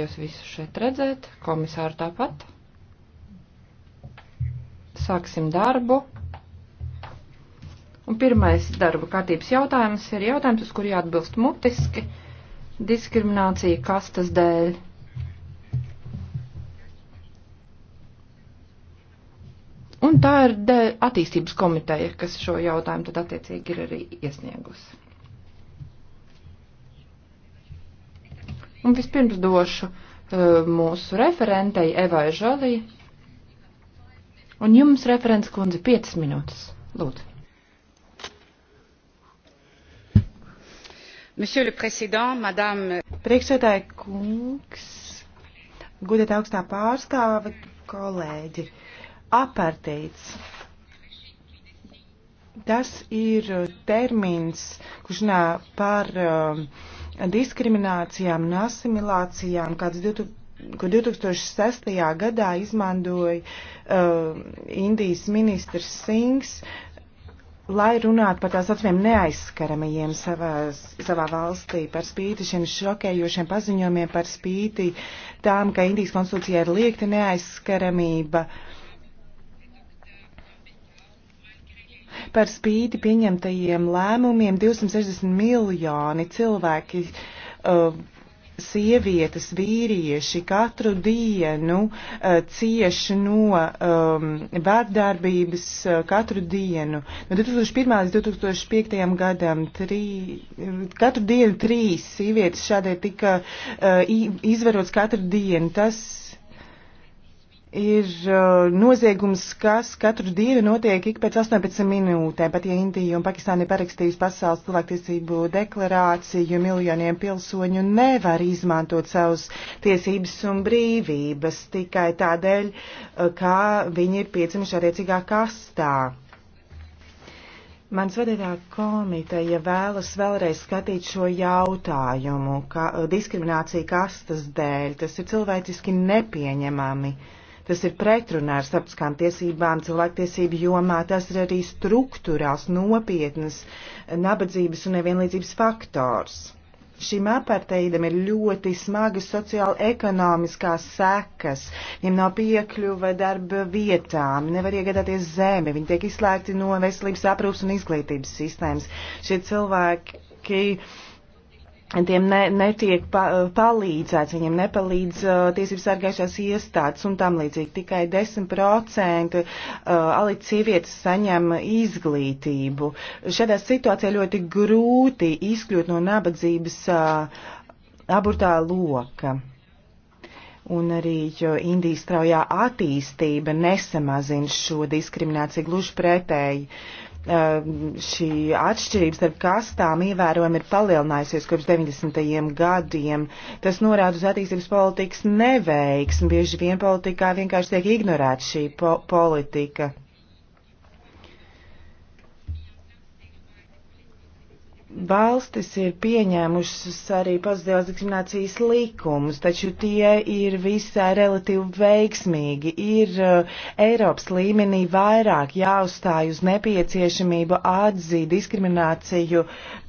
Jūs visus šeit redzēt, komisāru tāpat. Sāksim darbu. Un pirmais darba kārtības jautājums ir jautājums, uz kuru jāatbilst mutiski - diskriminācija kastas dēļ. Un tā ir attīstības komiteja, kas šo jautājumu tad attiecīgi ir arī iesniegusi. Un vispirms došu uh, mūsu referentei Evai Žalī. Un jums, referents kundze, 5 minūtes. Lūdzu. Monsieur le Président, Madame. Priekšsēdētāji kungs, gudiet augstā pārstāve, kolēģi. Apartīts. Tas ir termins, kurš runā par uh, um, diskriminācijām un asimilācijām, kāds 2000 ko 2006. gadā izmantoja uh, Indijas ministrs Sings, lai runātu par tās atsviem neaizskaramajiem savās, savā valstī, par spīti šiem šokējošiem paziņojumiem, par spīti tām, ka Indijas konstitūcijā ir liekta neaizskaramība. Uh, Par spīti pieņemtajiem lēmumiem 260 miljoni cilvēki. Uh, sievietes, vīrieši katru dienu uh, cieši no um, vārdarbības uh, katru dienu. No 2001. līdz 2005. gadam trī, katru dienu trīs sievietes šādai tika uh, izvarots katru dienu. Tas ir uh, noziegums, kas katru dienu notiek ik pēc 18 minūtēm. Pat ja Indija un Pakistāna ir parakstījusi pasaules cilvēktiesību deklarāciju, miljoniem pilsoņu nevar izmantot savus tiesības un brīvības tikai tādēļ, uh, kā viņi ir piedzimuši attiecīgā kastā. Mans vadītā komiteja vēlas vēlreiz skatīt šo jautājumu, ka uh, diskriminācija kastas dēļ, tas ir cilvēciski nepieņemami. Uh, Tas ir pretrunā ar starptautiskām tiesībām, cilvēktiesību jomā. Tas ir arī struktūrāls, nopietnas nabadzības un nevienlīdzības faktors. Šim aparteidam ir ļoti smagas sociāla-ekonomiskās sekas. Viņam nav piekļuva darba vietām, nevar iegādāties zemi, viņi tiek izslēgti no veselības aprūpas un izglītības sistēmas. Šie cilvēki Tiem ne, netiek pa, palīdzēts, viņiem nepalīdz uh, tiesības sargājušās iestādes un tam līdzīgi. Tikai 10% uh, alīdz sievietes saņem izglītību. Šādā situācijā ļoti grūti izkļūt no nabadzības uh, aburtā loka. Un arī Indijas straujā attīstība nesamazina šo diskrimināciju gluži pretēji. Uh, Ehm, šī atšķirības starp kastām ievērojami ir palielinājusies kopš 90. gadiem. Tas norāda uz attīstības politikas neveiksmi. Bieži vien politikā vienkārši tiek ignorēta šī po politika. valstis ir pieņēmušas arī pozitīvās diskriminācijas likumus, taču tie ir visai relatīvi veiksmīgi. Ir uh, Eiropas līmenī vairāk jāuzstāj uz nepieciešamību atzīt diskrimināciju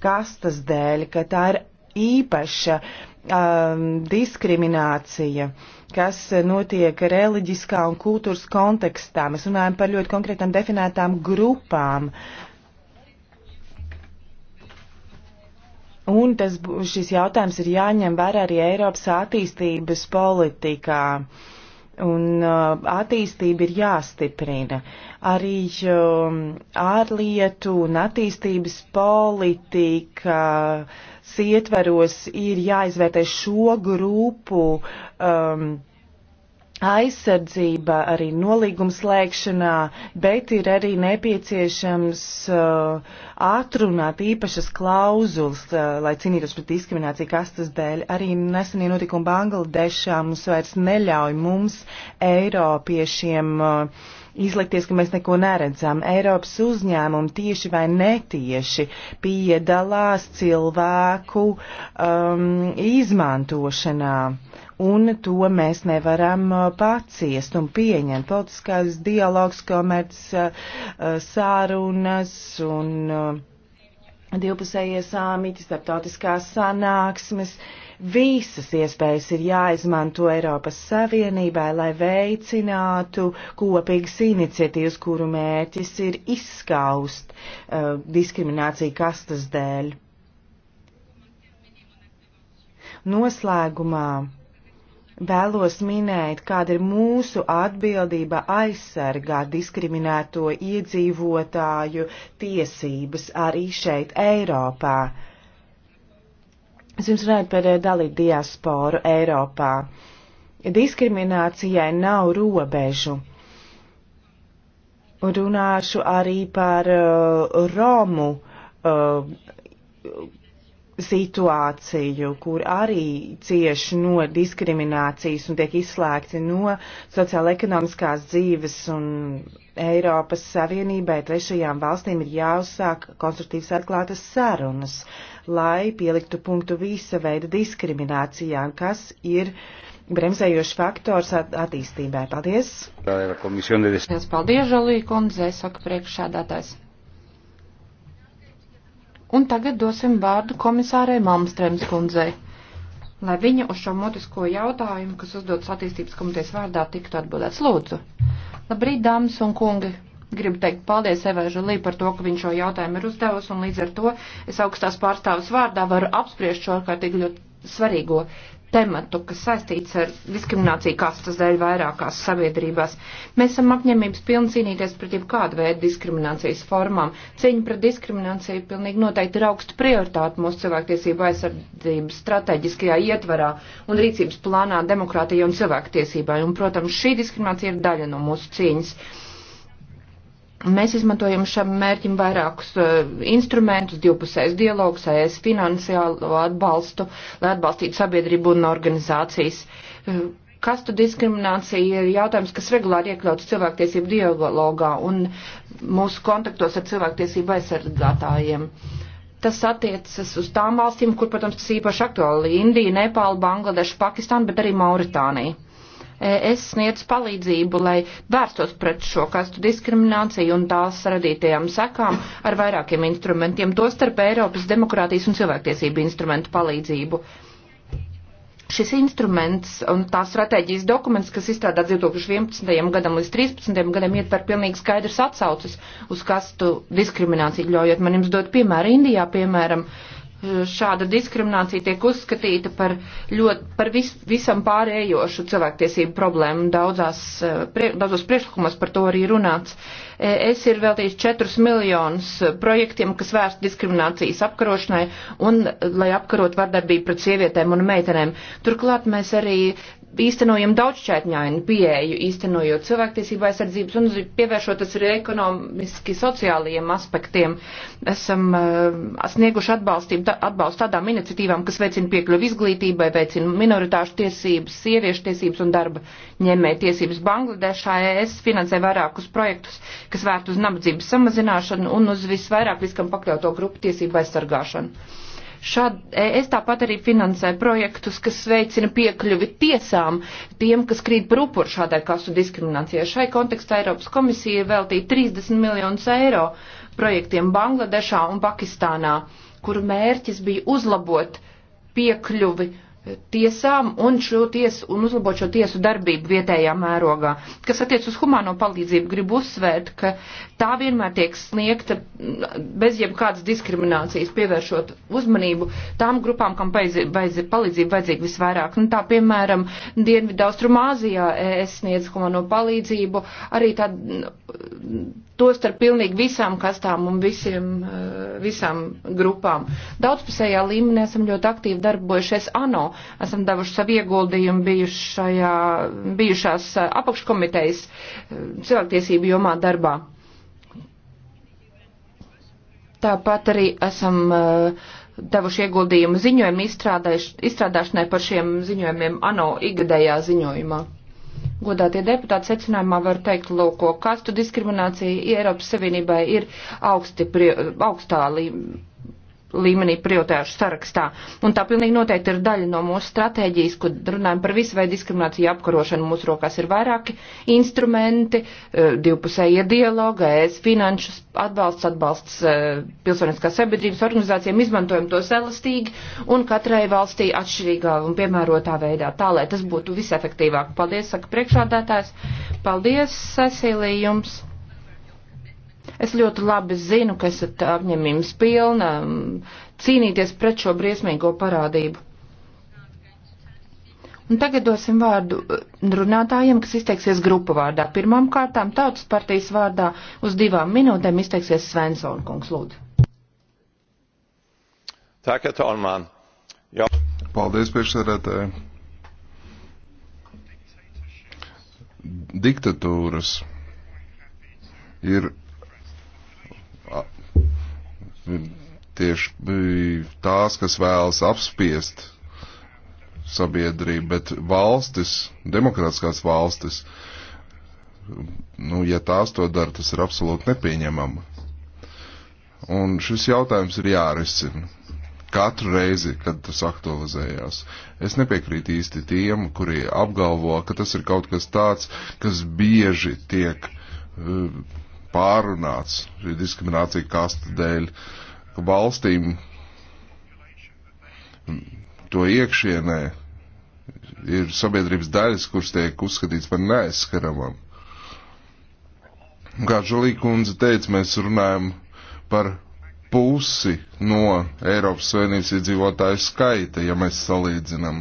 kastas dēļ, ka tā ir īpaša um, diskriminācija kas notiek reliģiskā un kultūras kontekstā. Mēs runājam par ļoti konkrētām definētām grupām. Uh, Un tas, šis jautājums ir jāņem vērā arī Eiropas attīstības politikā. Un uh, attīstība ir jāstiprina. Arī um, ārlietu un attīstības politika uh, ietveros ir jāizvērtē šo grupu um, aizsardzība arī nolīgums slēgšanā, bet ir arī nepieciešams uh, atrunāt īpašas klauzulas, uh, lai cīnītos pret diskrimināciju kastas dēļ. Arī nesenie notikumi Bangladešā mums vairs neļauj mums, Eiropiešiem, uh, izlikties, ka mēs neko neredzam. Eiropas uzņēmumi tieši vai netieši piedalās cilvēku um, izmantošanā. Un to mēs nevaram uh, paciest un pieņemt. Politiskās dialogs, komerc uh, uh, sārunas un divpusējie sāmīti, starptautiskās sanāksmes. Uh, Visas iespējas ir jāizmanto Eiropas Savienībai, lai veicinātu kopīgas iniciatīvas, kuru mērķis ir izskaust uh, diskrimināciju kastas dēļ. Noslēgumā vēlos minēt, kāda ir mūsu atbildība aizsargāt diskriminēto iedzīvotāju tiesības arī šeit Eiropā Es jums runāju par eh, dalību diasporu Eiropā. Diskriminācijai nav robežu. Runāšu arī par uh, Romu uh, situāciju, kur arī cieši no diskriminācijas un tiek izslēgti no sociāla ekonomiskās dzīves un Eiropas Savienībai trešajām valstīm ir jāuzsāk konstruktīvas atklātas sarunas, lai pieliktu punktu visa veida diskriminācijām, kas ir bremzējošs faktors at attīstībai. Paldies! Paldies, paldies Žalī kundze, saka priekšsādātājs. Un tagad dosim vārdu komisārai Malmstrēms kundzei, lai viņa uz šo motisko jautājumu, kas uzdodas attīstības komitejas vārdā, tiktu atbildēts. Lūdzu! Labrīt, dāmas un kungi! Gribu teikt paldies Evai Žulī par to, ka viņš šo jautājumu ir uzdevusi, un līdz ar to es augstās pārstāvas vārdā varu apspriest šo ārkārtīgi ļoti svarīgo tematu, kas saistīts ar diskrimināciju kastas dēļ vairākās sabiedrībās. Mēs esam apņemības pilni cīnīties pret jebkādu veidu diskriminācijas formām. Cīņa pret diskrimināciju pilnīgi noteikti ir augsta prioritāte mūsu cilvēktiesību aizsardzības strateģiskajā ietvarā un rīcības plānā demokrātija un cilvēktiesībai. Un, protams, šī diskriminācija ir daļa no mūsu cīņas. Mēs izmantojam šam mērķim vairākus uh, instrumentus, divpusējs dialogs, ES finansiālo atbalstu, lai atbalstītu sabiedrību un organizācijas. Uh, kastu diskriminācija ir jautājums, kas regulāri iekļauts cilvēktiesību dialogā un mūsu kontaktos ar cilvēktiesību aizsargātājiem. Tas attiecas uz tām valstīm, kur, protams, tas īpaši aktuāli - Indija, Nepāla, Bangladeša, Pakistāna, bet arī Mauritānija es sniedzu palīdzību, lai vērstos pret šo kastu diskrimināciju un tās radītajām sekām ar vairākiem instrumentiem, tostarp Eiropas demokrātijas un cilvēktiesību instrumentu palīdzību šis instruments un tā stratēģijas dokuments, kas izstrādāts 2011. gadam līdz 2013. gadam, ietver pilnīgi skaidrs atsaucas uz kastu diskrimināciju, ļaujot man jums dot piemēru. Indijā, piemēram, šāda diskriminācija tiek uzskatīta par, ļoti, par vis, visam pārējošu cilvēktiesību problēmu. Daudzās, eh, prie, daudzos priekšlikumos par to arī runāts. Es ir veltījis 4 miljonus projektiem, kas vērst diskriminācijas apkarošanai un lai apkarot vardarbību pret sievietēm un meitenēm. Turklāt mēs arī īstenojam daudzšķaitņainu pieeju, īstenojot cilvēktiesību aizsardzības un pievēršotas arī ekonomiski sociālajiem aspektiem. Esam uh, snieguši atbalstību, atbalstu tādām iniciatīvām, kas veicina piekļuvu izglītībai, veicina minoritāšu tiesības, sieviešu tiesības un darba ņēmēja tiesības. Bangladešā es finansēju vairākus projektus, kas vērt uz nabadzības samazināšanu un uz visvairāk riskam pakļauto grupu tiesību aizsargāšanu. Šād, e, es tāpat arī finansēju projektus, kas veicina piekļuvi tiesām tiem, kas krīt par upuru šādai kasu diskriminācijai. Šai kontekstā Eiropas komisija veltīja 30 miljonus eiro projektiem Bangladešā un Pakistānā, kuru mērķis bija uzlabot piekļuvi tiesām un, šo ties, un uzlabot šo tiesu darbību vietējā mērogā. Kas attiec uz humāno palīdzību, gribu uzsvērt, ka tā vienmēr tiek sniegta bez jebkādas diskriminācijas, pievēršot uzmanību tām grupām, kam palīdzību vajadzīga vajadzīg visvairāk. Nu, tā, piemēram, Dienvidaustrumāzijā es sniedzu humāno palīdzību, arī tā tostarp pilnīgi visām kastām un visiem, eh, visām grupām. Daudzpusējā līmenī esam ļoti aktīvi darbojušies ANO, esam devuši savu ieguldījumu bijušajā, bijušās eh, apakškomitejas eh, cilvēktiesību jomā darbā. Tāpat arī esam uh, devuši ieguldījumu ziņojumu izstrādāšanai par šiem ziņojumiem ANO igadējā ziņojumā godātie deputāti, secinājumā var teikt, lūko, kastu diskriminācija Eiropas Savienībai ir augsti, augstā līmenī līmenī prioritāšu sarakstā. Un tā pilnīgi noteikti ir daļa no mūsu stratēģijas, kad runājam par visu veidu diskrimināciju apkarošanu. Mūsu rokās ir vairāki instrumenti, eh, divpusējie dialoga, ES finanšas atbalsts, atbalsts eh, pilsoniskās sabiedrības organizācijām, izmantojam tos elastīgi un katrai valstī atšķirīgā un piemērotā veidā, tā lai tas būtu visefektīvāk. Paldies, saka priekšādātājs. Paldies, Cecīlija, jums! Es ļoti labi zinu, ka esat apņemības pilna mm, cīnīties pret šo briesmīgo parādību. Un tagad dosim vārdu mm, runātājiem, kas izteiksies grupu vārdā. Pirmām kārtām tautas partijas vārdā uz divām minūtēm izteiksies Svensson kungs lūdzu. Tā, ka talman. Jā. Paldies, priekšsēdētāji. Diktatūras ir tieši tās, kas vēlas apspiest sabiedrību, bet valstis, demokrātiskās valstis, nu, ja tās to dara, tas ir absolūti nepieņemama. Un šis jautājums ir jārisina katru reizi, kad tas aktualizējās. Es nepiekrītu īsti tiem, kuri apgalvo, ka tas ir kaut kas tāds, kas bieži tiek uh, pārunāts šī diskriminācija kasta dēļ, ka valstīm to iekšienē ir sabiedrības daļas, kuras tiek uzskatīts par neaizskaramam. Kā Žalī kundze teica, mēs runājam par pusi no Eiropas Savienības iedzīvotāju skaita, ja mēs salīdzinām.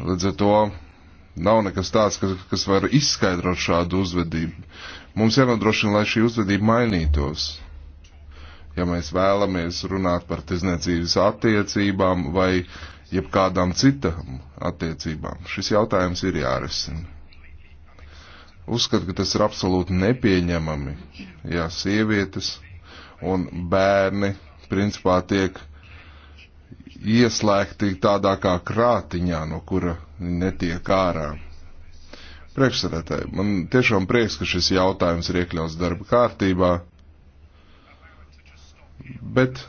Līdz ar to nav nekas tāds, kas, kas var izskaidrot šādu uzvedību. Mums jānodrošina, lai šī uzvedība mainītos. Ja mēs vēlamies runāt par tirzniecības attiecībām vai jebkādām citām attiecībām, šis jautājums ir jārisina. Uzskatu, ka tas ir absolūti nepieņemami, ja sievietes un bērni principā tiek ieslēgti tādā kā krātiņā, no kura netiek ārā. Priekšsēdētāji, man tiešām prieks, ka šis jautājums ir iekļauts darba kārtībā, bet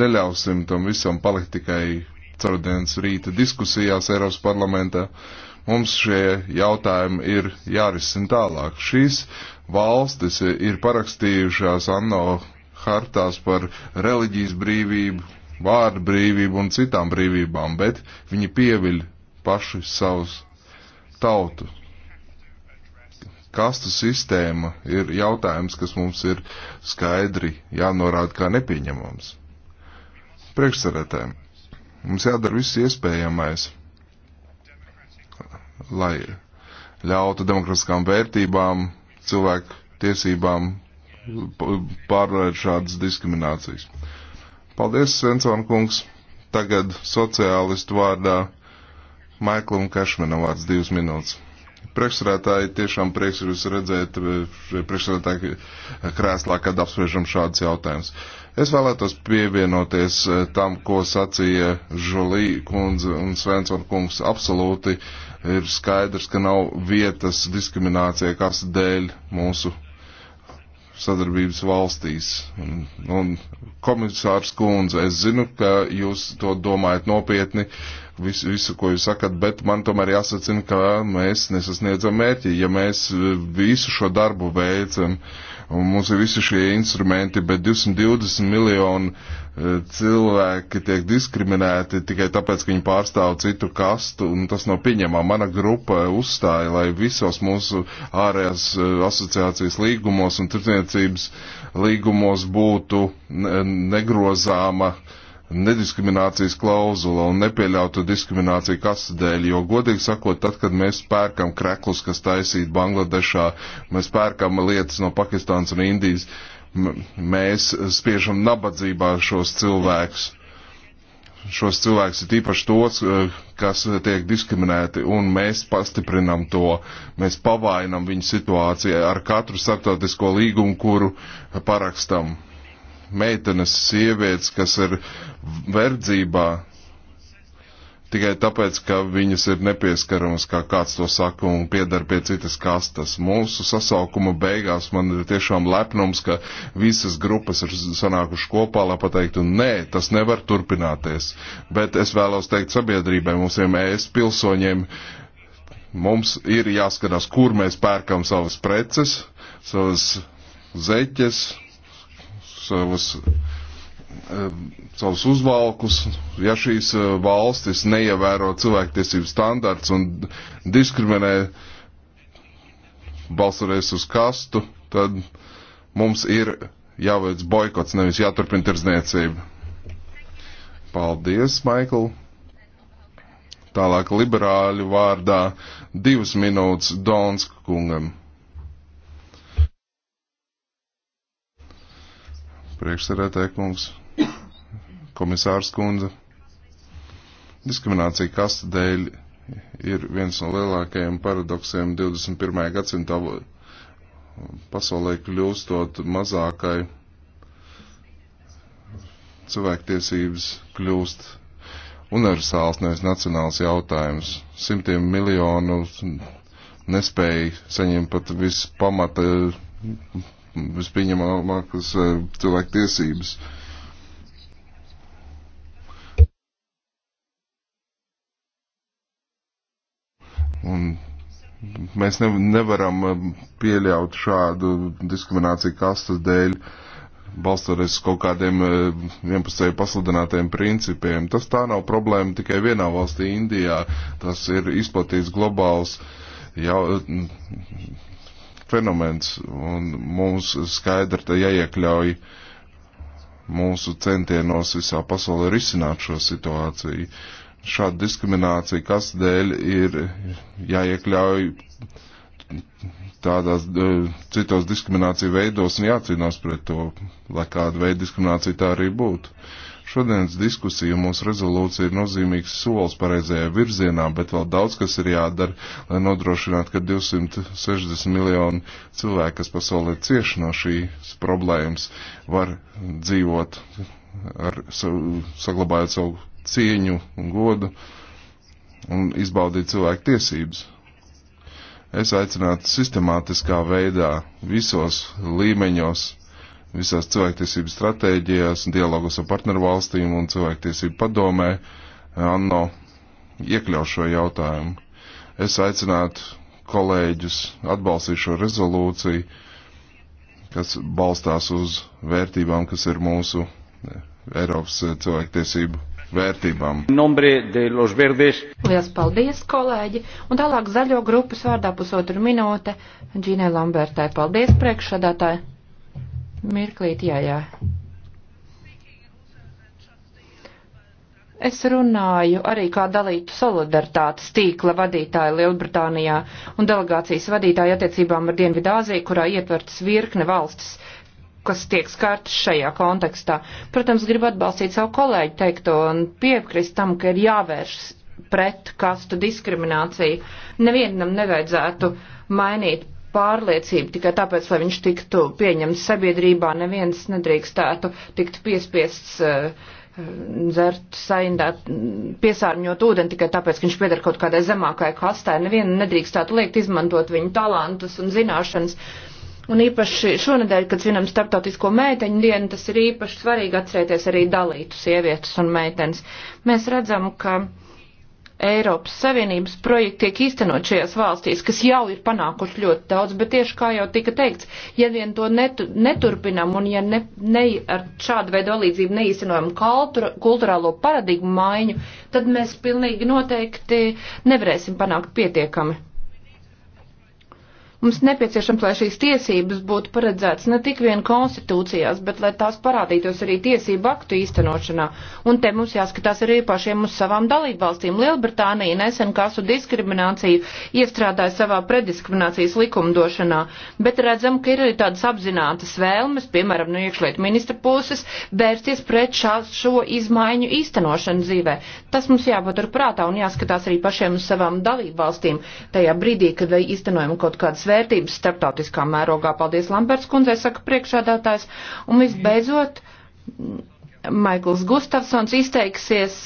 neļausim tam visam palikt tikai ceturtdienas rīta diskusijās Eiropas parlamentā. Mums šie jautājumi ir jārisina tālāk. Šīs valstis ir parakstījušās ANO hartās par reliģijas brīvību, vārdu brīvību un citām brīvībām, bet viņi pieviļ paši savus tautu kastu sistēma ir jautājums, kas mums ir skaidri jānorāda kā nepieņemams. Priekšsarētēm mums jādara viss iespējamais, lai ļautu demokratiskām vērtībām, cilvēku tiesībām pārvērt šādas diskriminācijas. Paldies, Svensson kungs! Tagad sociālistu vārdā Maiklam Kašmanam vārds divas minūtes priekšsarētāji tiešām prieks jūs redzēt priekšsarētāji krēslā, kad apspriežam šādas jautājumas. Es vēlētos pievienoties eh, tam, ko sacīja Žolī kundze un Svensson kungs. Absolūti ir skaidrs, ka nav vietas diskriminācijai, kas dēļ mūsu sadarbības valstīs. Un, un komisārs kundze, es zinu, ka jūs to domājat nopietni. Uh, visu, visu, ko jūs sakat, bet man tomēr jāsacina, ka mēs nesasniedzam mērķi. Ja mēs e, visu šo darbu veicam, un mums ir visi šie instrumenti, bet 220 miljonu e, cilvēki tiek diskriminēti tikai tāpēc, ka viņi pārstāv citu kastu, un tas nav pieņemā. Mana grupa uzstāja, lai visos mūsu ārējās e, asociācijas līgumos un tirdzniecības līgumos būtu negrozāma nediskriminācijas klauzula un nepieļautu diskrimināciju kasu dēļ, jo godīgi sakot, tad, kad mēs pērkam kreklus, kas taisīt Bangladešā, mēs pērkam lietas no Pakistānas un Indijas, mēs spiežam nabadzībā šos cilvēkus. Šos cilvēkus ir īpaši tos, eh, kas tiek diskriminēti, un mēs pastiprinam to, mēs pavainam viņu situāciju ar katru starptautisko līgumu, kuru parakstam meitenes, sievietes, kas ir verdzībā tikai tāpēc, ka viņas ir nepieskaramas, kā kāds to saka, un piedara pie citas kastas. Mūsu sasaukuma beigās man ir tiešām lepnums, ka visas grupas ir sanākuši kopā, lai pateiktu, nē, tas nevar turpināties. Bet es vēlos teikt sabiedrībai, mums ir ES pilsoņiem, mums ir jāskatās, kur mēs pērkam savas preces, savas zeķes, savas, eh, savus uzvalkus, ja šīs eh, valstis neievēro cilvēktiesību standarts un diskriminē balsoties uz kastu, tad mums ir jāveic boikots, nevis jāturpina tirdzniecība. Paldies, Maikl! Tālāk liberāļu vārdā divas minūtes Donska kungam. priekšsarētāja kungs, komisārs kundze. Diskriminācija kasta dēļ ir viens no lielākajiem paradoksiem 21. gadsimtā pasaulē kļūstot mazākai cilvēktiesības kļūst universāls, nevis nacionāls jautājums. Simtiem miljonu nespēja saņemt pat vispamata vispieņemamākas eh, cilvēku tiesības. Un mēs ne, nevaram eh, pieļaut šādu diskrimināciju kastas dēļ, balstoties kaut kādiem eh, vienpusēji pasludinātiem principiem. Tas tā nav problēma tikai vienā valstī, Indijā. Tas ir izplatīts globāls jau, fenomens, un mums skaidri jāiekļauj mūsu centienos visā pasaulē risināt šo situāciju. Šāda diskriminācija kas dēļ ir jāiekļauj tādās citos diskrimināciju veidos un jācīnās pret to, lai kāda veida diskriminācija tā arī būtu. Šodienas diskusija mūsu rezolūcija ir nozīmīgs solis pareizajā virzienā, bet vēl daudz kas ir jādara, lai nodrošinātu, ka 260 miljoni cilvēku, kas pasaulē cieši no šīs problēmas, var dzīvot, ar, saglabājot savu cieņu un godu un izbaudīt cilvēku tiesības. Es aicinātu sistemātiskā veidā visos līmeņos visās cilvēktiesību stratēģijās, dialogos ar partneru valstīm un cilvēktiesību padomē ANO iekļau šo jautājumu. Es aicinātu kolēģus atbalstīt šo rezolūciju, kas balstās uz vērtībām, kas ir mūsu eh, Eiropas eh, cilvēktiesību vērtībām. Lielas paldies, kolēģi! Un tālāk zaļo grupas vārdā pusotru minūte Džīnai Lambertai. Paldies, priekšsādātāji! Mirklīt, jā, jā. Es runāju arī kā dalītu solidaritātes tīkla vadītāja Lielbritānijā un delegācijas vadītāja attiecībām ar Dienvidāziju, kurā ietvertas virkne valstis, kas tiek skartas šajā kontekstā. Protams, gribu atbalstīt savu kolēģi teikto un piekrist tam, ka ir jāvēršas pret kastu diskrimināciju. Nevienam nevajadzētu mainīt pārliecību tikai tāpēc, lai viņš tiktu pieņemts sabiedrībā, neviens nedrīkstētu tikt piespiests uh, dzert, saindēt, piesārņot ūdeni tikai tāpēc, ka viņš pieder kaut kādai zemākai kastai. Nevienu nedrīkstētu liekt izmantot viņu talantus un zināšanas. Un īpaši šonadēļ, kad svinam starptautisko meiteņu dienu, tas ir īpaši svarīgi atcerēties arī dalītu sievietes un meitenes. Mēs redzam, ka uh, Eiropas Savienības projekti tiek īstenot šajās valstīs, kas jau ir panākuši ļoti daudz, bet tieši kā jau tika teikts, ja vien to netu, neturpinam un ja ne, ne ar šādu veidu palīdzību neīstenojam kultura, kulturālo paradigmu maiņu, tad mēs pilnīgi noteikti nevarēsim panākt pietiekami. Mums nepieciešams, lai šīs tiesības būtu paredzētas ne tik vien konstitūcijās, bet lai tās parādītos arī tiesību aktu īstenošanā. Un te mums jāskatās arī pašiem uz savām dalībvalstīm. Lielbritānija nesen kasu diskrimināciju iestrādāja savā prediskriminācijas likumdošanā, bet redzam, ka ir arī tādas apzinātas vēlmes, piemēram, no iekšlietu ministra puses, vērsties pret šā, šo izmaiņu īstenošanu dzīvē. Tas mums jāpatur prātā un jāskatās arī pašiem uz savām dalībvalstīm tajā brīdī, kad īstenojam kaut kādas vērtības starptautiskā mērogā. Paldies Lamberts kundzei, saka priekšādātājs. Un visbeidzot, Maikls Gustafsons izteiksies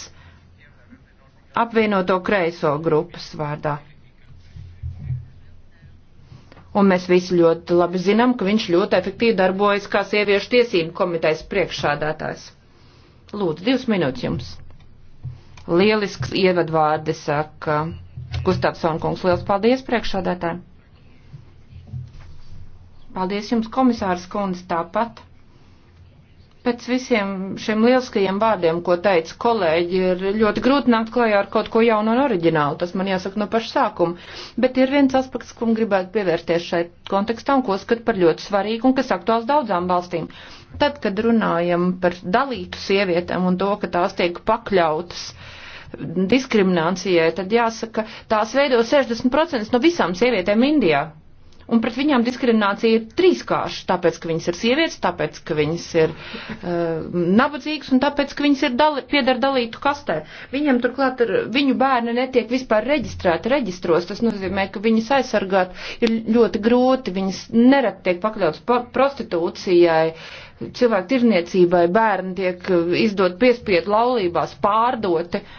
apvienoto kreiso grupas vārdā. Un mēs visi ļoti labi zinām, ka viņš ļoti efektīvi darbojas kā sieviešu tiesību komitejas priekšsādātājs. Lūdzu, divas minūtes jums. Lielisks ievadvārdi saka Gustavson kungs. Liels paldies priekšsādātājiem! Paldies jums, komisārs Kundze, tāpat. Pēc visiem šiem lieliskajiem vārdiem, ko teica kolēģi, ir ļoti grūti nākt klajā ar kaut ko jaunu un oriģinālu. Tas man jāsaka no paša sākuma. Bet ir viens aspekts, kam gribētu pievērties šai kontekstam, ko skat par ļoti svarīgu un kas aktuāls daudzām valstīm. Tad, kad runājam par dalītu sievietēm un to, ka tās tiek pakļautas uh, diskriminācijai, tad jāsaka, tās veido 60% no visām sievietēm Indijā un pret viņām diskriminācija ir trīskārša, tāpēc, ka viņas ir sievietes, tāpēc, ka viņas ir uh, nabadzīgas un tāpēc, ka viņas ir dali, piedara dalītu kastē. Viņam turklāt ar, viņu bērni netiek vispār reģistrēti reģistros, tas nozīmē, ka viņas aizsargāt ir ļoti grūti, viņas nerad tiek pakļauts prostitūcijai, cilvēku tirniecībai, bērni tiek uh, izdot piespiedu laulībās, pārdoti. Uh,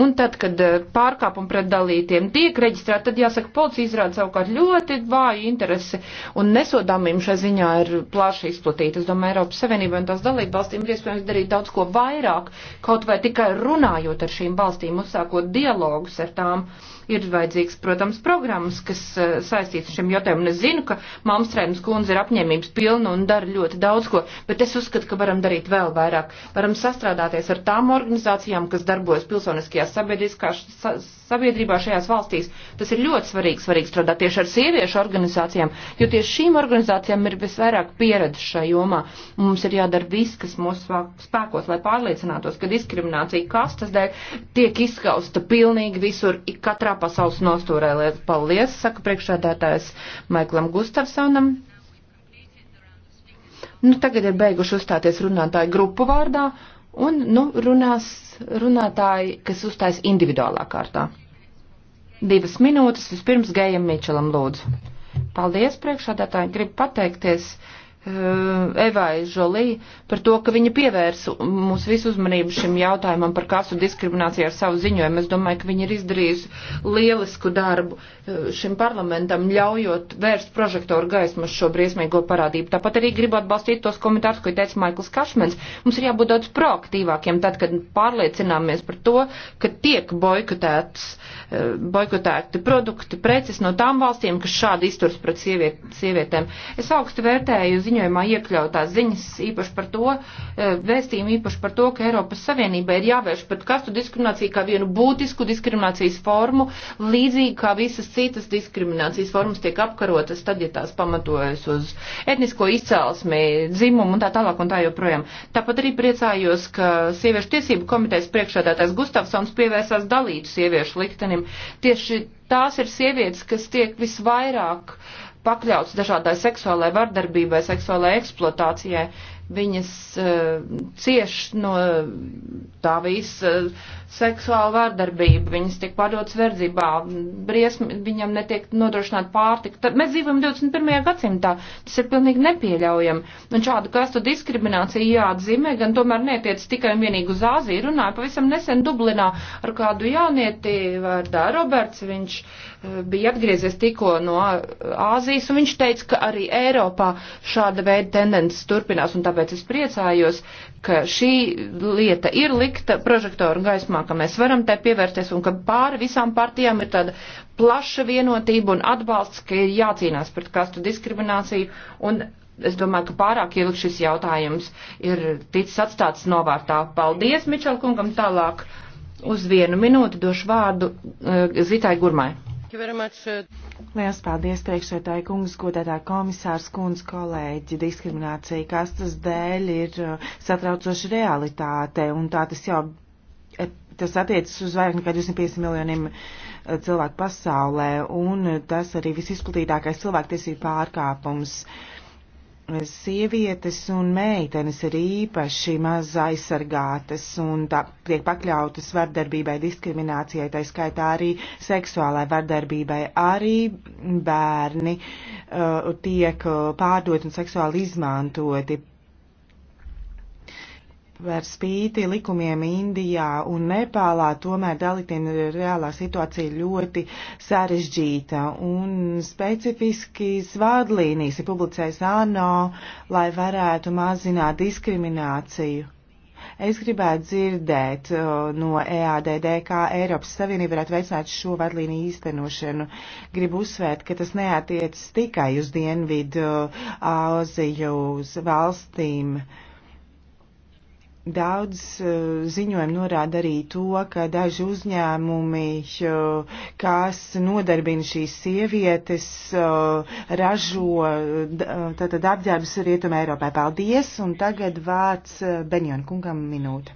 Un tad, kad eh, pārkāpumi pret dalītiem tiek reģistrēti, tad jāsaka, policija izrāda savukārt ļoti vāju interesi un nesodāmība šai ziņā ir plaši izplatīta. Es domāju, Eiropas Savienībai un tās dalību valstīm ir iespējams darīt daudz ko vairāk, kaut vai tikai runājot ar šīm valstīm, uzsākot dialogus ar tām. Uh, ir vajadzīgs, protams, programmas, kas eh, saistīts ar šiem jautājumiem. Es zinu, ka Malmstrēmas kundze ir apņēmības pilna un dara ļoti daudz ko, bet es uzskatu, ka varam darīt vēl vairāk. Varam sastrādāties ar tām organizācijām, kas darbojas pilsoniskajās sabiedrībās šajās valstīs. Tas ir ļoti svarīgi, svarīgi strādāt tieši ar sieviešu organizācijām, jo tieši šīm organizācijām ir visvairāk pieredze šajā jomā. Mums ir jādara viss, kas mūsu spēkos, lai pārliecinātos, ka diskriminācija kastas dēļ tiek izskausta pilnīgi visur, ik katrā katrā pasaules nostūrē. Liels paldies, saka priekšādātājs Maiklam Gustavsonam. Nu, tagad ir beiguši uzstāties runātāju grupu vārdā, un, nu, runās runātāji, kas uzstājas individuālā kārtā. Divas minūtes vispirms Gējam Mičelam lūdzu. Paldies, priekšādātāji, gribu pateikties Eh, Evai Žolī par to, ka viņa pievērsa mūsu visu uzmanību šim jautājumam par kasu diskrimināciju ar savu ziņojumu. Es domāju, ka viņa ir izdarījusi lielisku darbu eh, šim parlamentam, ļaujot vērst prožektoru gaismu uz šo briesmīgo parādību. Tāpat arī gribu atbalstīt tos komentārus, ko teica Maikls Kašmens. Mums ir jābūt daudz proaktīvākiem tad, kad pārliecināmies par to, ka tiek boikotēts, eh, boikotēti produkti, preces no tām valstīm, kas šādi izturs pret sieviet, sievietēm. Es augstu vērtēju ziņu ziņojumā iekļautās ziņas īpaši par to, e, vēstījumi īpaši par to, ka Eiropas Savienībai ir jāvērš pret kastu diskrimināciju kā vienu būtisku diskriminācijas formu, līdzīgi kā visas citas diskriminācijas formas tiek apkarotas, tad, ja tās pamatojas uz etnisko izcelsmi, dzimumu un tā tālāk un tā joprojām. Tāpat arī priecājos, ka sieviešu tiesību komitejas priekšādātājs Gustavsons pievērsās dalītu sieviešu liktenim. Tieši tās ir sievietes, kas tiek visvairāk uh, pakļauts dažādai seksuālai vardarbībai, seksuālai eksploatācijai. Viņas uh, cieš no tā visa uh, seksuāla vardarbība, viņas tiek pārdotas verdzībā, briesmi, viņam netiek nodrošināta pārtika. Tad mēs dzīvojam 21. gadsimtā, tas ir pilnīgi nepieļaujami. Un šādu kastu diskrimināciju jāatzīmē, gan tomēr netiec tikai un vienīgi uz Āziju. Runāju pavisam nesen Dublinā ar kādu jaunieti vārdā Roberts, viņš uh, bija atgriezies tikko no Āzijas, un viņš teica, ka arī Eiropā šāda veida tendences turpinās, un tāpēc es priecājos, ka šī lieta ir likta prožektoru gaismā, ka mēs varam tai pievērsties, un ka pāri visām partijām ir tāda plaša vienotība un atbalsts, ka ir jācīnās pret kastu diskrimināciju, un es domāju, ka pārāk ilgi šis jautājums ir ticis atstāts novārtā. Paldies Mičelkungam tālāk. Uz vienu minūti došu vārdu uh, Zitai Gurmai. Uh, Liels paldies, priekšētāji kungs, godētā komisārs kundz, kolēģi. Diskriminācija kastas dēļ ir uh, satraucoša realitāte, un tā tas jau, e, tas attiecas uz vairāk nekā 250 miljoniem uh, cilvēku pasaulē, un tas arī visizplatītākais cilvēktiesību pārkāpums. Uh, Sievietes un meitenes ir īpaši maz aizsargātas un tā, tiek pakļautas vardarbībai, diskriminācijai, tā skaitā arī seksuālai vardarbībai. Arī bērni uh, tiek uh, pārdot un seksuāli izmantoti par spīti likumiem Indijā un Nepālā, tomēr Dalitina reālā situācija ļoti sarežģīta un specifiski svādlīnijas ir publicējis ANO, lai varētu mazināt diskrimināciju. Es gribētu dzirdēt uh, no EADD, kā Eiropas Savienība varētu veicināt šo vadlīniju īstenošanu. Gribu uzsvērt, ka tas neatiec tikai uz Dienvidu uh, Āziju, uz valstīm. Uh, Daudz eh, ziņojumu norāda arī to, ka daži uzņēmumi, eh, kas nodarbina šīs sievietes, eh, ražo tātad apģērbus Rietumē Eiropā. Paldies! Un tagad vārds Benjona kungam minūte.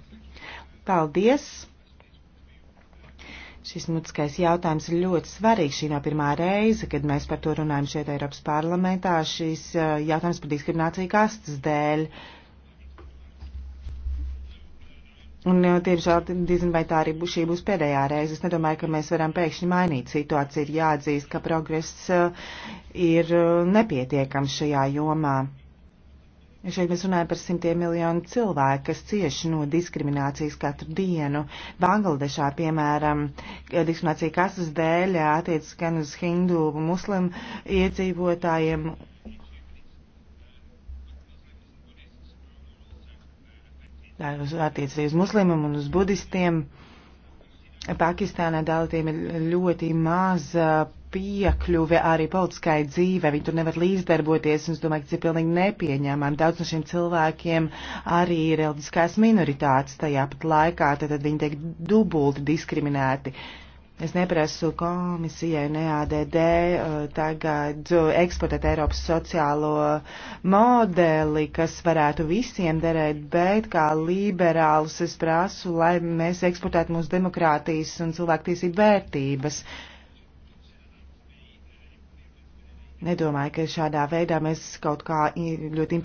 Paldies! Šis mutiskais jautājums ir ļoti svarīgs. Šī nav pirmā reize, kad mēs par to runājam šeit Eiropas parlamentā. Šis jautājums par diskrimināciju kastas dēļ. Uh, Un, tiemžēl, diezgan vai tā arī būs, šī būs pēdējā reize. Es nedomāju, ka mēs varam pēkšņi mainīt situāciju. Ir jāatzīst, ka progress ir nepietiekams šajā jomā. Šeit mēs runājam par simtiem miljonu cilvēku, kas cieši no diskriminācijas katru dienu. Bangladešā, piemēram, diskriminācija kasas dēļ attiec gan uz hindu, muslimu iedzīvotājiem attiec arī uz muslimiem un uz budistiem. Pakistānā dalītiem ir ļoti maza piekļuve arī politiskai dzīve, viņi tur nevar līdzdarboties, un es domāju, ka tas ir pilnīgi nepieņēmami. Daudz no šiem cilvēkiem arī ir reliģiskās minoritātes tajā pat laikā, tad, tad viņi tiek dubulti diskriminēti. Uh, Es neprasu komisijai, ne ADD, eh, tagad eh, eksportēt Eiropas sociālo modeli, kas varētu visiem derēt, bet kā liberāls es prasu, lai mēs eksportētu mūsu demokrātijas un cilvēktiesību vērtības. Nedomāju, ka šādā veidā mēs kaut kā ļoti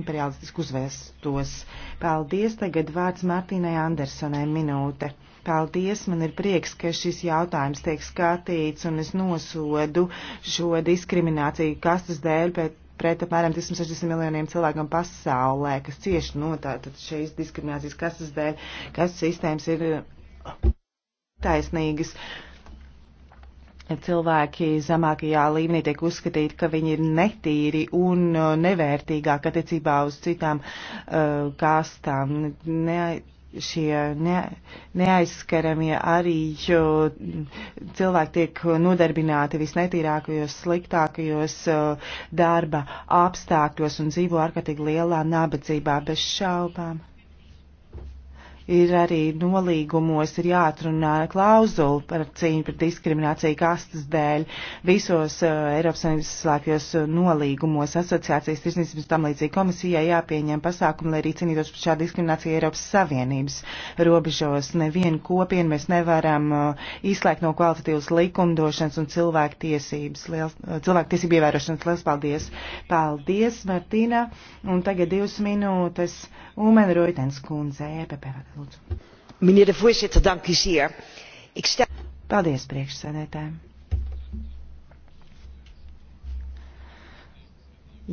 imperialistiski uzvēstos. Paldies, tagad vārds Martīnai Andersonai minūte. Paldies, man ir prieks, ka šis jautājums tiek skatīts, un es nosodu šo diskrimināciju kastas dēļ pret, pret apmēram 260 miljoniem cilvēkam pasaulē, kas cieši no tātad šīs diskriminācijas kastas dēļ, kas sistēmas ir taisnīgas. Cilvēki zemākajā līmenī tiek uzskatīti, ka viņi ir netīri un uh, nevērtīgāk attiecībā uz citām uh, kastām. Ne, šie ne, neaizskaramie arī cilvēki tiek nodarbināti visnetīrākajos, sliktākajos darba apstākļos un dzīvo ārkārtīgi lielā nabadzībā bez šaubām ir arī nolīgumos ir jāatrunā klauzula par cīņu par diskrimināciju kastas dēļ visos uh, Eiropas Savienības slēpjos uh, nolīgumos asociācijas tirsniecības tam līdzīgi komisijai jāpieņem pasākumi, lai arī cīnītos par šādu diskrimināciju Eiropas Savienības robežos. Nevienu kopienu mēs nevaram uh, izslēgt no kvalitatīvas likumdošanas un cilvēktiesības, liels, uh, cilvēktiesību ievērošanas. Liels paldies! Paldies, Martīna! Un tagad divas minūtes Umen Roitens kundze, EPP. Lūdzu. Meneer de voorzitter, dank u zeer. Ik stel... Paldies, priekšsēdētājiem.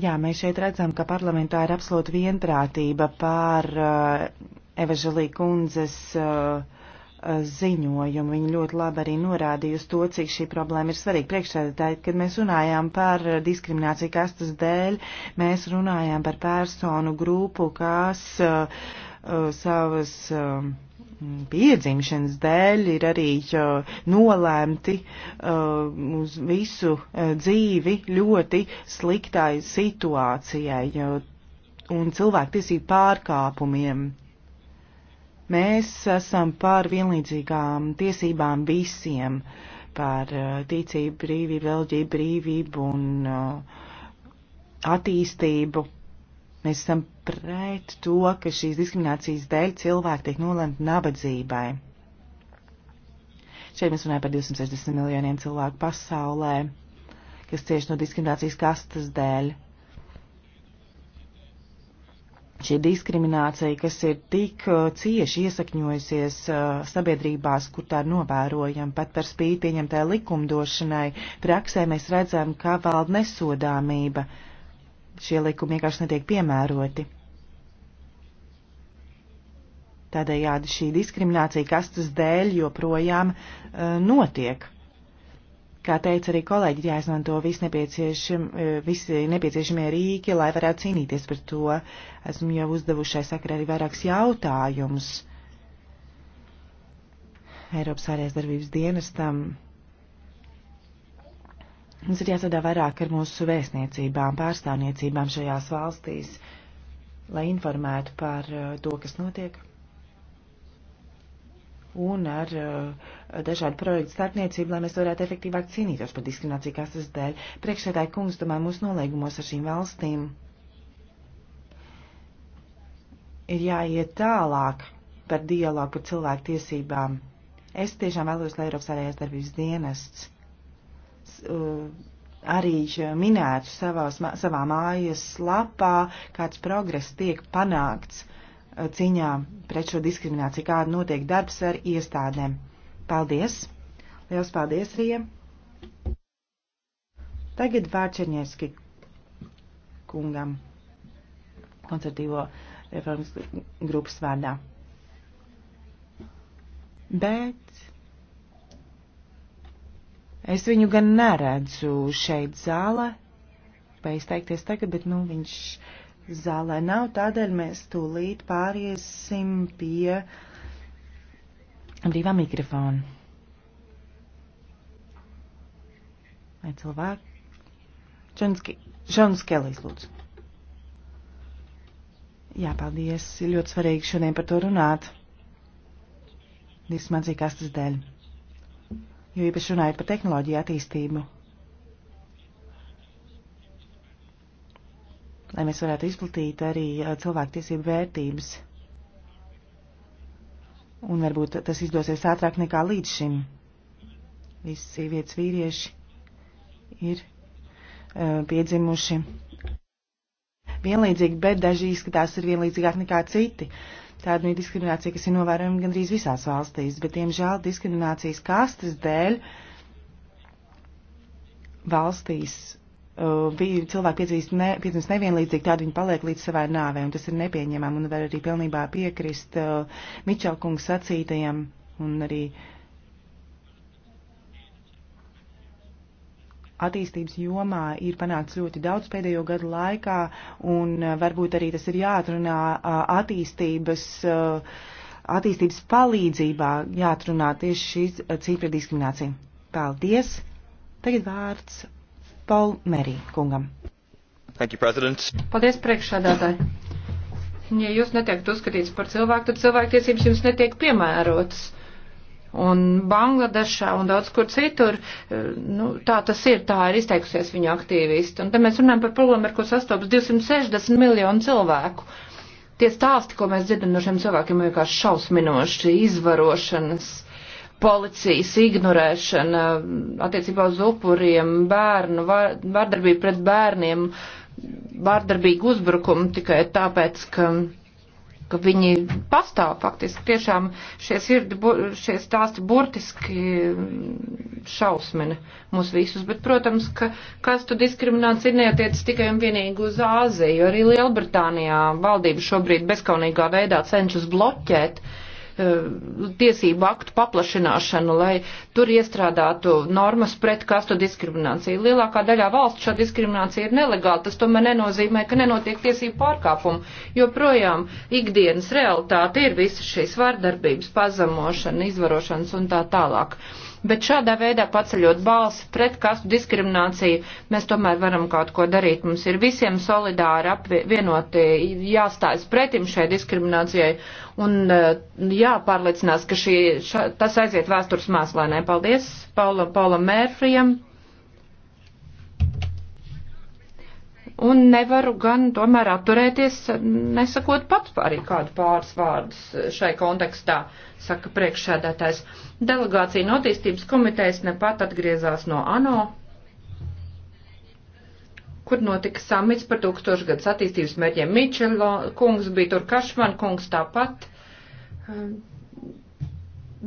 Jā, mēs šeit redzam, ka parlamentā ir absolūta vienprātība pār uh, eh, Evaželī kundzes uh, ziņojumu. Viņa ļoti labi arī norādīja uz to, cik šī problēma ir svarīga. Priekšsēdētāji, kad mēs runājām par diskrimināciju kastas dēļ, mēs runājām par personu grupu, kas uh, Uh, savas um, piedzimšanas dēļ ir arī uh, nolēmti uh, uz visu dzīvi ļoti sliktai situācijai un cilvēktiesību pārkāpumiem. Mēs esam par vienlīdzīgām tiesībām visiem, par ticību brīvību, reliģiju brīvību un attīstību Mēs esam pret to, ka šīs diskriminācijas dēļ cilvēki tiek nolemti nabadzībai. Šeit mēs runājam par 260 miljoniem cilvēku pasaulē, kas cieši no diskriminācijas kastas dēļ. Šī diskriminācija, kas ir tik uh, cieši iesakņojusies uh, sabiedrībās, kur tā ir novērojama, pat par spīti pieņemtai likumdošanai, praksē mēs redzam, kā valda nesodāmība. Uh, šie likumi vienkārši netiek piemēroti. Tādējādi šī diskriminācija kastas dēļ joprojām uh, notiek. Kā teica arī kolēģi, jāizmanto visi, nepieciešam, e, visi nepieciešamie rīki, lai varētu cīnīties par to. Esmu jau uzdevušai sakarā arī vairākus jautājumus Eiropas ārējās darbības dienestam Mums ir jāsadā vairāk ar mūsu vēstniecībām, pārstāvniecībām šajās valstīs, lai informētu par uh, to, kas notiek. Un ar uh, dažādu projektu starpniecību, lai mēs varētu efektīvāk cīnīties par diskrimināciju kasas dēļ. Priekšsēdāji kungs, domāju, mūsu nolīgumos ar šīm valstīm ir jāiet tālāk par dialogu par cilvēku tiesībām. Es tiešām vēlos, lai Eiropas ārējās darbības dienests Uh, arī uh, minēts savās, savā mājas lapā, kāds progress tiek panākts uh, cīņā pret šo diskrimināciju, kāda notiek darbs ar iestādēm. Paldies! Liels paldies, Rija! Tagad Vārčernieski kungam koncertīvo reformas grupas vārdā. Bet Es viņu gan neredzu šeit zālē, vai izteikties tagad, bet, nu, viņš zālē nav, tādēļ mēs tūlīt pāriesim pie brīvā mikrofona. Vai cilvēki? Šons Kelijs, lūdzu. Jā, paldies. Ir ļoti svarīgi šodien par to runāt. Vismaz cik astas dēļ jo īpaši runājot par tehnoloģiju attīstību. Lai mēs varētu izplatīt arī uh, cilvēktiesību vērtības. Un varbūt tas izdosies ātrāk nekā līdz šim. Visi sievietes vīrieši ir uh, piedzimuši vienlīdzīgi, bet daži izskatās ir vienlīdzīgāk nekā citi. Uh, Tāda ir diskriminācija, kas ir novērojama gandrīz visās valstīs, bet, diemžēl, diskriminācijas kastes dēļ valstīs bija uh, cilvēki piedzīvīs ne, piedzīvīs nevienlīdzīgi, tādi viņi paliek līdz savai nāvē, un tas ir nepieņemami, un var arī pilnībā piekrist uh, Mičelkungs sacītajam, un arī uh, attīstības jomā ir panākts ļoti daudz pēdējo gadu laikā, un eh, varbūt arī tas ir jāatrunā attīstības, attīstības palīdzībā, jāatrunā tieši šīs cīpra diskriminācija. Paldies! Tagad vārds Paul Merī kungam. Thank you, President. Paldies, priekšsādātāji. Ja jūs netiekat uzskatīts par cilvēku, tad cilvēktiesības jums netiek piemērotas un Bangladešā un daudz kur citur. Eh, nu, tā tas ir, tā ir izteikusies viņa aktīvisti. Un te mēs runājam par problēmu, ar ko sastopas 260 miljonu cilvēku. Tie stāsti, ko mēs dzirdam no šiem cilvēkiem, ir vienkārši šausminoši, izvarošanas, policijas ignorēšana attiecībā uz upuriem, bērnu, vardarbība pret bērniem, vardarbīgu uzbrukumu tikai tāpēc, ka ka viņi pastāv faktiski. Tiešām šie, sirdi, šie stāsti burtiski šausmina mūs visus, bet, protams, ka kas tu diskriminācija neatiec tikai un vienīgi uz Āziju, arī Lielbritānijā valdība šobrīd bezkaunīgā veidā cenšas bloķēt uh, Eh, tiesību aktu paplašināšanu, lai tur iestrādātu normas pret kastu diskrimināciju. Lielākā daļā valsts šā diskriminācija ir nelegāla, tas tomēr nenozīmē, ka nenotiek tiesību pārkāpumu, jo projām ikdienas realitāte ir visas šīs vardarbības pazemošana, izvarošanas un tā tālāk. Uh, bet šādā veidā paceļot balsi pret kastu diskrimināciju, mēs tomēr varam kaut ko darīt. Mums ir visiem solidāri apvienoti jāstājas pretim šai diskriminācijai un eh, jāpārliecinās, ka šī, ša, tas aiziet vēstures māslēnē. Paldies Paulam, Paulam Mērfrijam. un nevaru gan tomēr atturēties, nesakot pat arī kādu pāris vārdus šai kontekstā, saka priekšsēdētājs. Delegācija no attīstības komitejas nepat atgriezās no ANO, kur notika samits par tūkstošgadus attīstības mērķiem. Mičelo kungs bija tur, Kašman kungs tāpat um,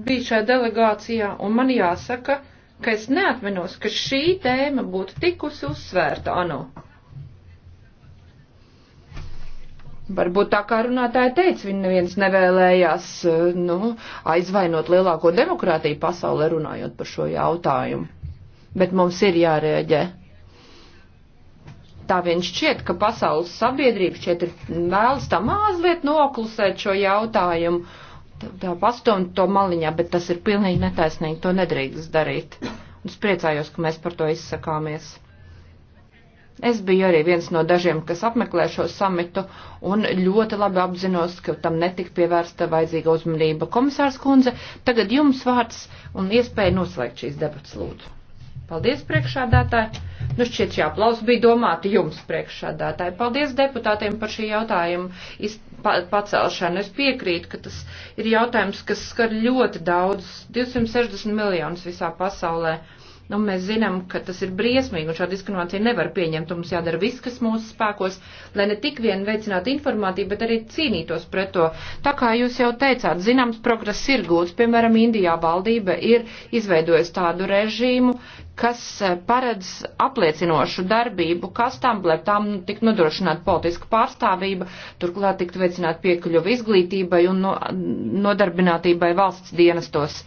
bija šajā delegācijā, un man jāsaka, ka es neatminos, ka šī tēma būtu tikusi uzsvērta ANO. Varbūt tā kā runātāja teica, viņa neviens nevēlējās eh, nu, aizvainot lielāko demokrātiju pasaulē runājot par šo jautājumu. Bet mums ir jārēģē. Tā vien šķiet, ka pasaules sabiedrība šķiet ir vēlas tā mazliet noklusēt šo jautājumt tā pastumt to maliņā, bet tas ir pilnīgi netaisnīgi, to nedrīkst darīt. Un es priecājos, ka mēs par to izsakāmies. Es biju arī viens no dažiem, kas apmeklē šo samitu un ļoti labi apzinos, ka tam netika pievērsta vajadzīga uzmanība. Komisārs kundze, tagad jums vārds un iespēja noslēgt šīs debats lūdzu. Paldies, priekšādātāji. Nu, šķiet, šī aplaus bija domāta jums, priekšādātāji. Paldies deputātiem par šī jautājuma iz, pa, pacelšanu. Es piekrītu, ka tas ir jautājums, kas skar ļoti daudz, 260 miljonus visā pasaulē. Uh, Nu, mēs zinām, ka tas ir briesmīgi un šāda diskriminācija nevar pieņemt. Mums jādara viss, kas mūsu spēkos, lai ne tik vien veicinātu informāciju, bet arī cīnītos pret to. Tā kā jūs jau teicāt, zināms, progress ir gūts. Piemēram, Indijā valdība ir izveidojusi tādu režīmu, kas eh, paredz apliecinošu darbību kastām, lai tām tik nodrošinātu politiska pārstāvība, turklāt tikt veicināt piekļuvi izglītībai un nodarbinātībai valsts dienestos.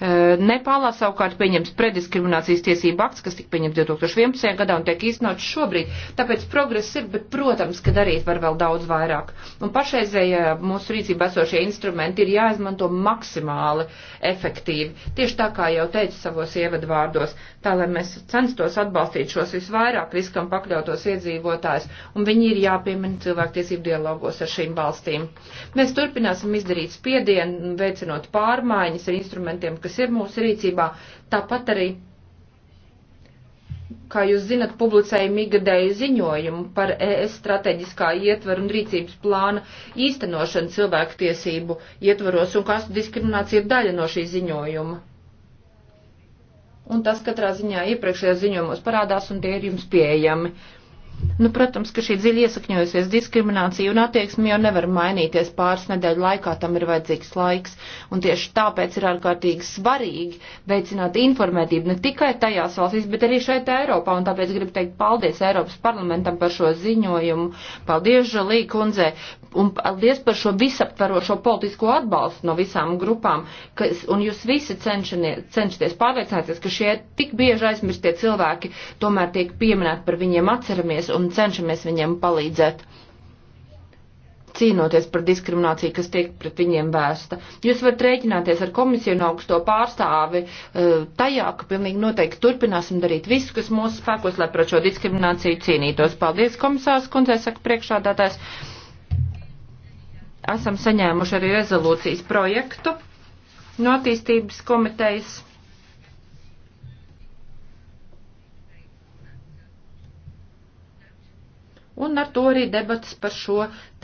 Eh, Nepālā savukārt pieņems prediskriminācijas tiesību akts, kas tika pieņemts 2011. gadā un tiek īstenots šobrīd. Tāpēc progress ir, bet, protams, ka darīt var vēl daudz vairāk. Un pašreizējā mūsu rīcībā esošie instrumenti ir jāizmanto maksimāli efektīvi. Tieši tā kā jau teicu savos ievadvārdos, tā lai mēs censtos atbalstīt šos visvairāk riskam pakļautos iedzīvotājs, un viņi ir jāpiemina cilvēktiesību dialogos ar šīm valstīm. Mēs turpināsim izdarīt spiedienu, veicinot pārmaiņas ar instrumentiem, kas kas ir mūsu rīcībā. Tāpat arī, kā jūs zinat, publicēja migadēju ziņojumu par ES strateģiskā ietvaru un rīcības plāna īstenošanu cilvēku tiesību ietvaros, un kastu diskriminācija ir daļa no šī ziņojuma. Un tas katrā ziņā iepriekšējos ziņojumos parādās, un tie ir jums pieejami. Uh, Nu, protams, ka šī dziļi iesakņojusies diskriminācija un attieksme jau nevar mainīties pāris nedēļu laikā, tam ir vajadzīgs laiks. Un tieši tāpēc ir ārkārtīgi svarīgi veicināt informētību ne tikai tajās valstīs, bet arī šeit Eiropā. Un tāpēc gribu teikt paldies Eiropas parlamentam par šo ziņojumu. Paldies, Žalī kundze, un paldies par šo visaptvarošo politisko atbalstu no visām grupām, kas, un jūs visi cenšaties pārliecināties, ka šie tik bieži aizmirstie cilvēki tomēr tiek pieminēti par viņiem atceramies un cenšamies viņiem palīdzēt cīnoties par diskrimināciju, kas tiek pret viņiem vērsta. Jūs varat rēķināties ar komisiju un augsto pārstāvi eh, tajā, ka pilnīgi noteikti turpināsim darīt visu, kas mūsu spēkos, lai pret šo diskrimināciju cīnītos. Paldies, komisārs, kundzei saka priekšādātājs. Esam saņēmuši arī rezolūcijas projektu no attīstības komitejas. Un ar to arī debatas par šo tēmu.